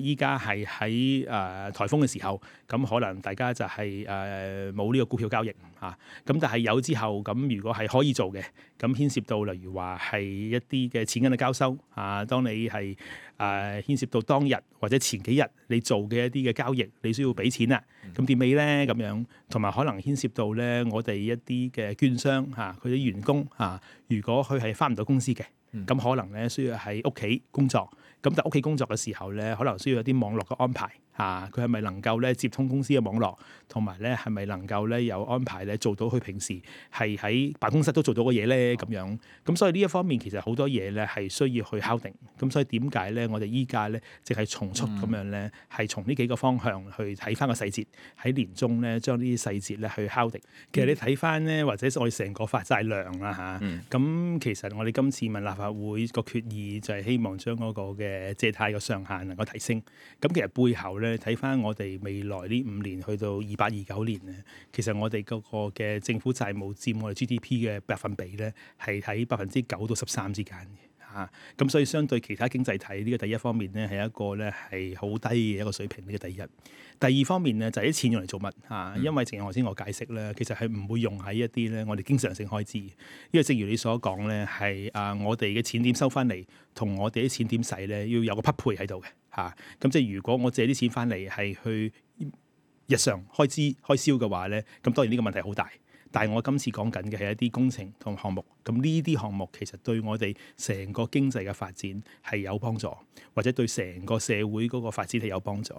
依家係喺誒颱風嘅時候，咁可能大家就係誒冇呢個股票交易啊。咁但係有之後，咁如果係可以做嘅，咁牽涉到例如話係一啲嘅錢銀嘅交收啊。當你係誒牽涉到當日或者前幾日你做嘅一啲嘅交易，你需要俾錢啦。咁點尾咧咁樣，同埋可能牽涉到咧，我哋一啲嘅券商，吓，佢啲員工吓，如果佢係返唔到公司嘅，咁可能咧需要喺屋企工作。咁但屋企工作嘅時候咧，可能需要一啲網絡嘅安排。啊！佢係咪能夠咧接通公司嘅網絡，同埋咧係咪能夠咧有安排咧做到佢平時係喺辦公室都做到嘅嘢咧？咁、哦、樣咁所以呢一方面其實好多嘢咧係需要去敲定。咁所以點解咧我哋依家咧淨係重出咁樣咧，係從呢幾個方向去睇翻個細節，喺年中咧將呢啲細節咧去敲定。其實你睇翻咧，或者我哋成個發債量啦嚇，咁、嗯、其實我哋今次問立法會個決議就係希望將嗰個嘅借貸嘅上限能夠提升。咁其實背後咧～睇翻我哋未來呢五年去到二八二九年咧，其實我哋嗰個嘅政府債務佔我哋 GDP 嘅百分比咧，係喺百分之九到十三之間嘅。啊，咁所以相對其他經濟體呢個第一方面咧，係一個咧係好低嘅一個水平呢個第一。第二方面咧就係啲錢用嚟做乜啊？因為正如頭先我解釋咧，其實係唔會用喺一啲咧我哋經常性開支。因為正如你所講咧，係啊我哋嘅錢點收翻嚟，同我哋啲錢點使咧，要有個匹配喺度嘅嚇。咁即係如果我借啲錢翻嚟係去日常開支開銷嘅話呢，咁當然呢個問題好大。但係我今次講緊嘅係一啲工程同項目，咁呢啲項目其實對我哋成個經濟嘅發展係有幫助，或者對成個社會嗰個發展係有幫助。